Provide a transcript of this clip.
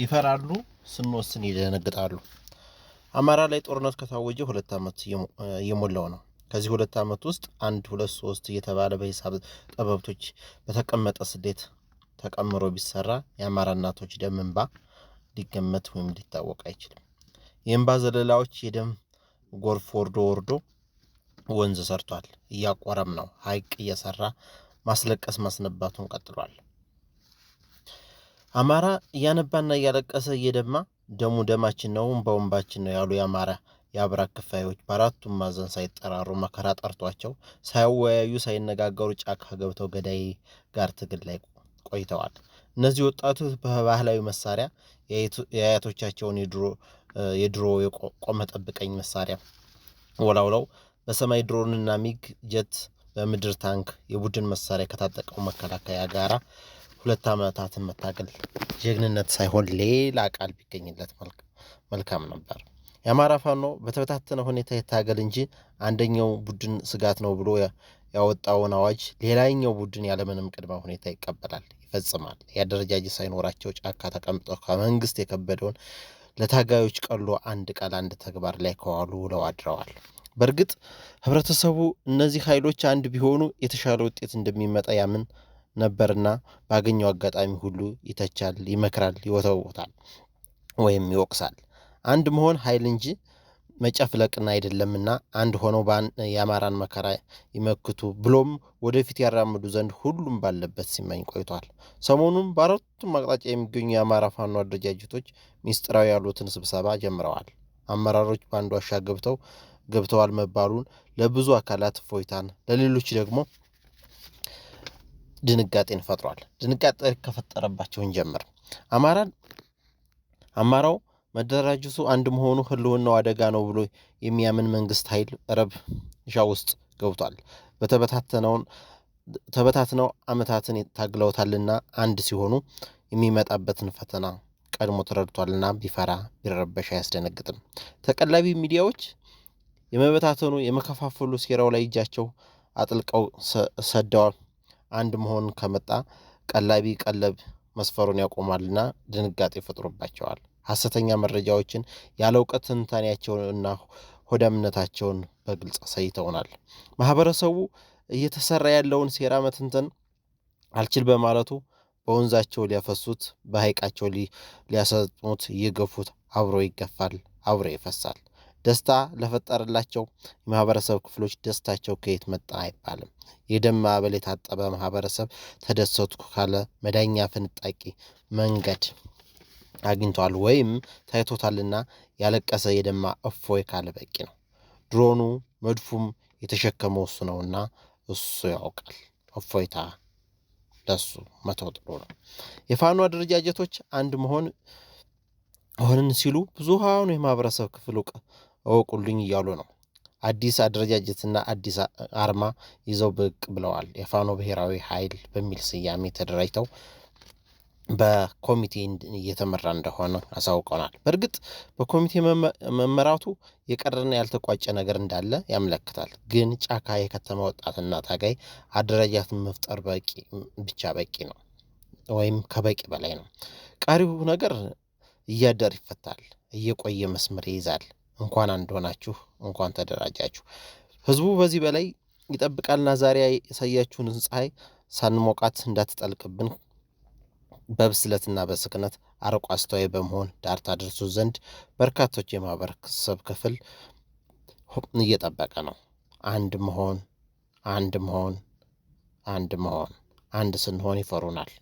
ይፈራሉ፣ ስንወስን ይደነግጣሉ። አማራ ላይ ጦርነት ከታወጀ ሁለት ዓመት እየሞላው ነው። ከዚህ ሁለት ዓመት ውስጥ አንድ ሁለት ሶስት እየተባለ በሂሳብ ጠበብቶች በተቀመጠ ስሌት ተቀምሮ ቢሰራ የአማራ እናቶች ደም እንባ ሊገመት ወይም ሊታወቅ አይችልም። የእንባ ዘለላዎች የደም ጎርፍ ወርዶ ወርዶ ወንዝ ሰርቷል። እያቆረም ነው። ሀይቅ እየሰራ ማስለቀስ ማስነባቱን ቀጥሏል። አማራ እያነባና እያለቀሰ እየደማ ደሙ ደማችን ነው እንባው እንባችን ነው ያሉ የአማራ የአብራ ክፋዮች በአራቱም ማዕዘን ሳይጠራሩ መከራ ጠርቷቸው ሳይወያዩ ሳይነጋገሩ ጫካ ገብተው ገዳይ ጋር ትግል ላይ ቆይተዋል። እነዚህ ወጣቶች በባህላዊ መሳሪያ የአያቶቻቸውን የድሮ የቆመ ጠብቀኝ መሳሪያ ወላውለው በሰማይ ድሮንና ሚግ ጀት በምድር ታንክ የቡድን መሳሪያ ከታጠቀው መከላከያ ጋር ሁለት ዓመታትን መታገል ጀግንነት ሳይሆን ሌላ ቃል ቢገኝለት መልካም ነበር። የአማራ ፋኖ በተበታተነ ሁኔታ የታገል እንጂ አንደኛው ቡድን ስጋት ነው ብሎ ያወጣውን አዋጅ ሌላኛው ቡድን ያለምንም ቅድመ ሁኔታ ይቀበላል፣ ይፈጽማል። የአደረጃጀት ሳይኖራቸው ጫካ ተቀምጠው ከመንግስት የከበደውን ለታጋዮች ቀሎ አንድ ቃል አንድ ተግባር ላይ ከዋሉ ውለው አድረዋል። በእርግጥ ህብረተሰቡ እነዚህ ኃይሎች አንድ ቢሆኑ የተሻለ ውጤት እንደሚመጣ ያምን ነበርና ባገኘው አጋጣሚ ሁሉ ይተቻል፣ ይመክራል፣ ይወተውታል ወይም ይወቅሳል። አንድ መሆን ኃይል እንጂ መጨፍለቅን አይደለምና አንድ ሆነው የአማራን መከራ ይመክቱ ብሎም ወደፊት ያራምዱ ዘንድ ሁሉም ባለበት ሲመኝ ቆይቷል። ሰሞኑን በአራቱም አቅጣጫ የሚገኙ የአማራ ፋኖ አደረጃጀቶች ሚስጥራዊ ያሉትን ስብሰባ ጀምረዋል። አመራሮች በአንድ ዋሻ ገብተው ገብተዋል መባሉን ለብዙ አካላት እፎይታን፣ ለሌሎች ደግሞ ድንጋጤን ፈጥሯል። ድንጋጤ ከፈጠረባቸውን ጀምር አማራን አማራው መደራጀቱ አንድ መሆኑ ህልውናው አደጋ ነው ብሎ የሚያምን መንግስት ኃይል ረብሻ ውስጥ ገብቷል። በተበታተነውን ተበታትነው አመታትን ታግለውታልና አንድ ሲሆኑ የሚመጣበትን ፈተና ቀድሞ ተረድቷልና ቢፈራ ቢረበሽ አያስደነግጥም። ተቀላቢ ሚዲያዎች የመበታተኑ የመከፋፈሉ ሴራው ላይ እጃቸው አጥልቀው ሰደዋል። አንድ መሆን ከመጣ ቀላቢ ቀለብ መስፈሩን ያቆማልና ድንጋጤ ፈጥሮባቸዋል። ሐሰተኛ መረጃዎችን ያለ እውቀት ትንታኔያቸውንና ሆዳምነታቸውን በግልጽ አሳይተውናል። ማህበረሰቡ እየተሰራ ያለውን ሴራ መትንተን አልችል በማለቱ በወንዛቸው ሊያፈሱት፣ በሐይቃቸው ሊያሰጥሙት እየገፉት አብሮ ይገፋል፣ አብሮ ይፈሳል። ደስታ ለፈጠረላቸው የማህበረሰብ ክፍሎች ደስታቸው ከየት መጣ አይባልም። የደም ማዕበል የታጠበ ማህበረሰብ ተደሰትኩ ካለ መዳኛ ፍንጣቂ መንገድ አግኝቷል ወይም ታይቶታልና ያለቀሰ የደማ እፎይ ካለ በቂ ነው። ድሮኑ መድፉም የተሸከመው እሱ ነውና እሱ ያውቃል። እፎይታ ለሱ መተው ጥሩ ነው። የፋኖ አደረጃጀቶች አንድ መሆን ሆንን ሲሉ ብዙሃኑ የማህበረሰብ ክፍል እወቁልኝ እያሉ ነው። አዲስ አደረጃጀትና አዲስ አርማ ይዘው ብቅ ብለዋል። የፋኖ ብሔራዊ ኃይል በሚል ስያሜ ተደራጅተው በኮሚቴ እየተመራ እንደሆነ አሳውቀናል። በእርግጥ በኮሚቴ መመራቱ የቀረና ያልተቋጨ ነገር እንዳለ ያመለክታል። ግን ጫካ የከተማ ወጣትና ታጋይ አደረጃትን መፍጠር በቂ ብቻ በቂ ነው ወይም ከበቂ በላይ ነው። ቀሪው ነገር እያደር ይፈታል፣ እየቆየ መስመር ይይዛል። እንኳን አንድ ሆናችሁ፣ እንኳን ተደራጃችሁ። ህዝቡ በዚህ በላይ ይጠብቃልና ዛሬ ያሳያችሁን ፀሐይ ሳንሞቃት እንዳትጠልቅብን በብስለትና በስክነት አርቆ አስተዋይ በመሆን ዳር ታደርሱ ዘንድ በርካቶች የማህበረሰብ ክፍል እየጠበቀ ነው። አንድ መሆን አንድ መሆን አንድ መሆን አንድ ስንሆን ይፈሩናል።